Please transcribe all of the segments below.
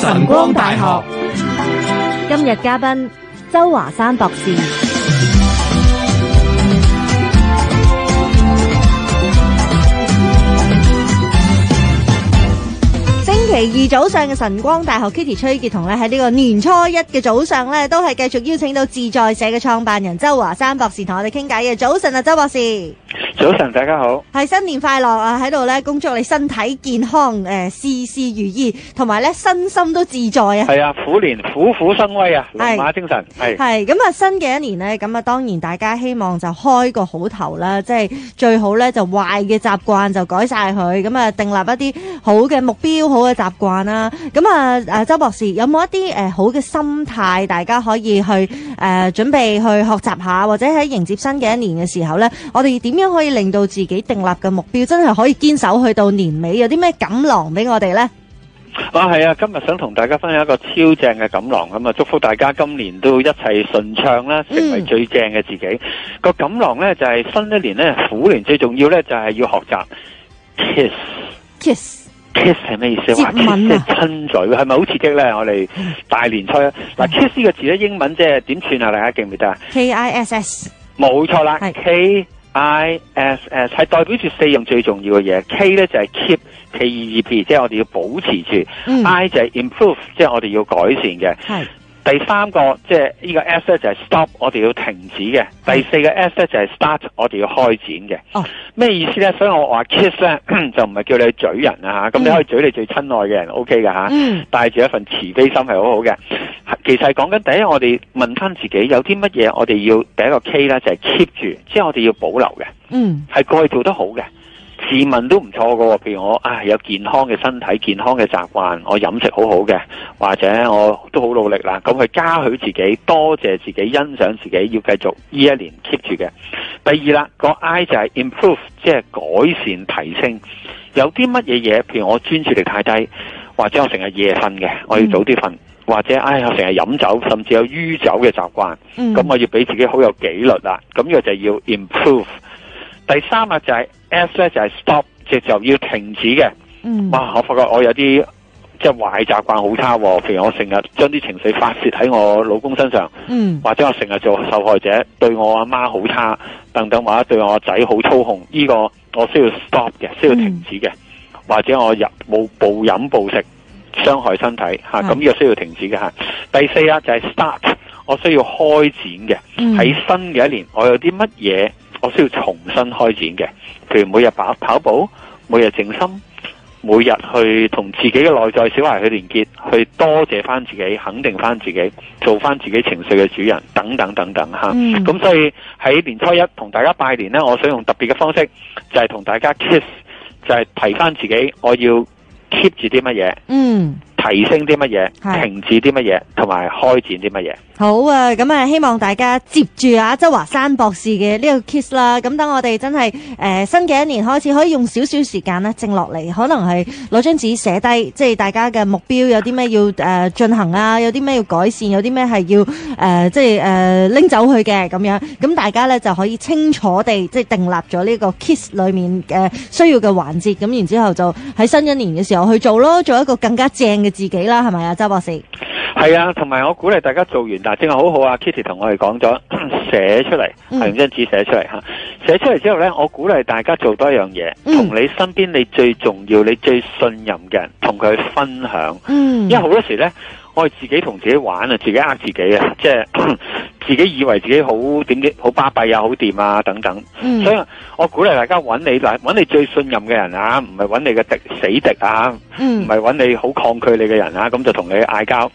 晨光大學今日嘉賓周華山博士。星期二早上嘅晨光大學，Kitty 崔傑彤咧喺呢個年初一嘅早上咧，都係繼續邀請到自在社嘅創辦人周華山博士同我哋傾偈嘅。早晨啊，周博士。早晨，大家好，係新年快樂啊！喺度咧，恭祝你身體健康，誒，事事如意，同埋咧，身心都自在啊！係啊，虎年虎虎生威啊，龍是馬精神係。係咁啊，新嘅一年呢，咁啊，當然大家希望就開個好頭啦，即係最好咧就壞嘅習慣就改晒佢，咁啊，訂立一啲好嘅目標，好嘅習慣啦。咁啊，誒、啊，周博士有冇一啲誒、呃、好嘅心態，大家可以去誒、呃、準備去學習下，或者喺迎接新嘅一年嘅時候咧，我哋點樣？可以令到自己訂立嘅目標真係可以堅守去到年尾，有啲咩錦囊俾我哋咧？啊，係啊！今日想同大家分享一個超正嘅錦囊，咁啊，祝福大家今年都一切順暢啦，成為最正嘅自己。個錦囊咧就係新一年咧，虎年最重要咧就係要學習 kiss kiss kiss 係咩意思？接吻啊！親嘴，係咪好刺激咧？我哋大年初一嗱，kiss 呢個字咧，英文即係點串啊？大家記唔記得啊？K I S S，冇錯啦，係 K。I S S 係代表住四樣最重要嘅嘢，K 咧就係 keep，keep 即係我哋要保持住、嗯、，I 就係 improve，即係我哋要改善嘅。第三個即係呢個 S 咧就係 stop，我哋要停止嘅；第四個 S 咧就係 start，我哋要開展嘅。哦，咩意思咧？所以我話 KISS 咧就唔係叫你去嘴人啊吓，咁、mm. 你可以嘴你最親愛嘅人，OK 噶吓、啊。嗯，mm. 帶住一份慈悲心係好好嘅。其實講緊第一，我哋問翻自己有啲乜嘢，我哋要第一個 K 咧就係 keep 住，即係我哋要保留嘅。嗯，係過去做得好嘅。自問都唔錯喎。譬如我，啊有健康嘅身體，健康嘅習慣，我飲食好好嘅，或者我都好努力啦，咁去嘉許自己，多謝自己，欣賞自己，要繼續呢一年 keep 住嘅。第二啦，個 I 就係 improve，即係改善提升。有啲乜嘢嘢，譬如我專注力太低，或者我成日夜瞓嘅，我要早啲瞓，嗯、或者唉，我成日飲酒，甚至有酗酒嘅習慣，咁、嗯、我要俾自己好有紀律啦，咁呢個就要 improve。第三啊、就係，就係。S 咧，就係 stop，就就要停止嘅。嗯、哇，我發覺我有啲即係壞習慣好差，哦。譬如我成日將啲情緒發洩喺我老公身上，嗯、或者我成日做受害者，對我阿媽好差等等，或者對我仔好操控。呢、呢個我需要 stop 嘅，需要停止嘅。嗯、或者我飲冇暴飲暴食，傷害身體吓。咁呢是個需要停止嘅吓。是第四啊，就係 start，我需要開展嘅。喺、嗯、新嘅一年，我有啲乜嘢我需要重新開展嘅。譬如每日跑跑步，每日靜心，每日去同自己嘅內在小孩去連結，去多謝翻自己，肯定翻自己，做翻自己情緒嘅主人，等等等等吓。咁、mm. 啊、所以喺年初一同大家拜年呢，我想用特別嘅方式，就係同大家 kiss，就係提翻自己，我要 keep 住啲乜嘢。Mm. 提升啲乜嘢，停止啲乜嘢，同埋開展啲乜嘢。好啊，咁、嗯、啊，希望大家接住啊，周華山博士嘅呢個 Kiss 啦。咁、嗯、等我哋真係誒、呃、新嘅一年開始，可以用少少時間咧，靜落嚟，可能係攞張紙寫低，即係大家嘅目標有啲咩要誒進、呃、行啊，有啲咩要改善，有啲咩係要誒、呃、即係誒拎走去嘅咁樣咁、嗯、大家咧就可以清楚地即係訂立咗呢個 Kiss 裏面嘅、呃、需要嘅環節，咁然之後就喺新一年嘅時候去做咯，做一個更加正嘅。自己啦，係咪啊，周博士？係啊，同埋我鼓勵大家做完嗱，正係好好啊。Kitty 同我哋講咗，寫、嗯、出嚟，用張紙寫出嚟吓，寫出嚟之後咧，我鼓勵大家做多一樣嘢，同、嗯、你身邊你最重要、你最信任嘅人，同佢去分享。嗯，因為好多時咧，我哋自己同自己玩啊，自己呃自己啊，即係。自己以為自己好點嘅，好巴閉啊，好掂啊等等，嗯、所以我鼓勵大家揾你揾揾你最信任嘅人啊，唔係揾你嘅敵、死敵啊，唔係揾你好抗拒你嘅人啊，咁就同你嗌交，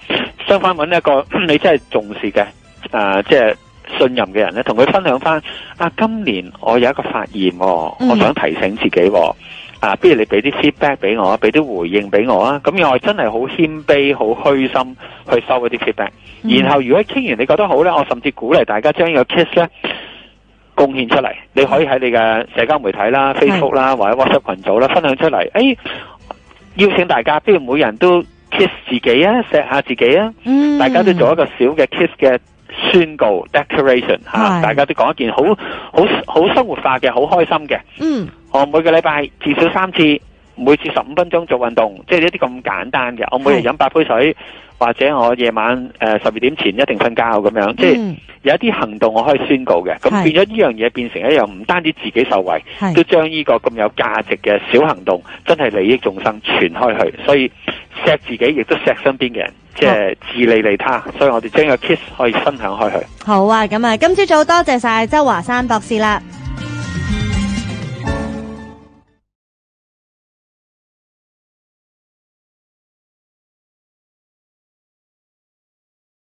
相反揾一個你真係重視嘅，即、呃、係、就是、信任嘅人咧，同佢分享翻啊，今年我有一個發現、哦，我想提醒自己、哦。嗯。啊，不如你俾啲 feedback 俾我，俾啲回應俾我啊！咁我真係好謙卑、好虛心去收嗰啲 feedback、嗯。然後如果傾完你覺得好咧，我甚至鼓勵大家將呢個 kiss 咧貢獻出嚟。你可以喺你嘅社交媒體啦、是 Facebook 啦或者 WhatsApp 群組啦分享出嚟。誒、哎，邀請大家，不如每人都 kiss 自己啊，錫下自己啊，嗯、大家都做一個小嘅 kiss 嘅宣告 declaration 吓是、啊，大家都講一件好好好生活化嘅、好開心嘅。嗯。我每個禮拜至少三次，每次十五分鐘做運動，即係一啲咁簡單嘅。我每日飲八杯水，的或者我夜晚誒十二點前一定瞓覺咁樣。嗯、即係有一啲行動我可以宣告嘅，咁的變咗呢樣嘢，變成一樣唔單止自己受惠，的都將呢個咁有價值嘅小行動，真係利益眾生傳開去。所以錫自己，亦都錫身邊嘅人，即係自利利他。好所以我哋將個 kiss 可以分享開去。好啊，咁啊，今朝早多謝晒周華山博士啦。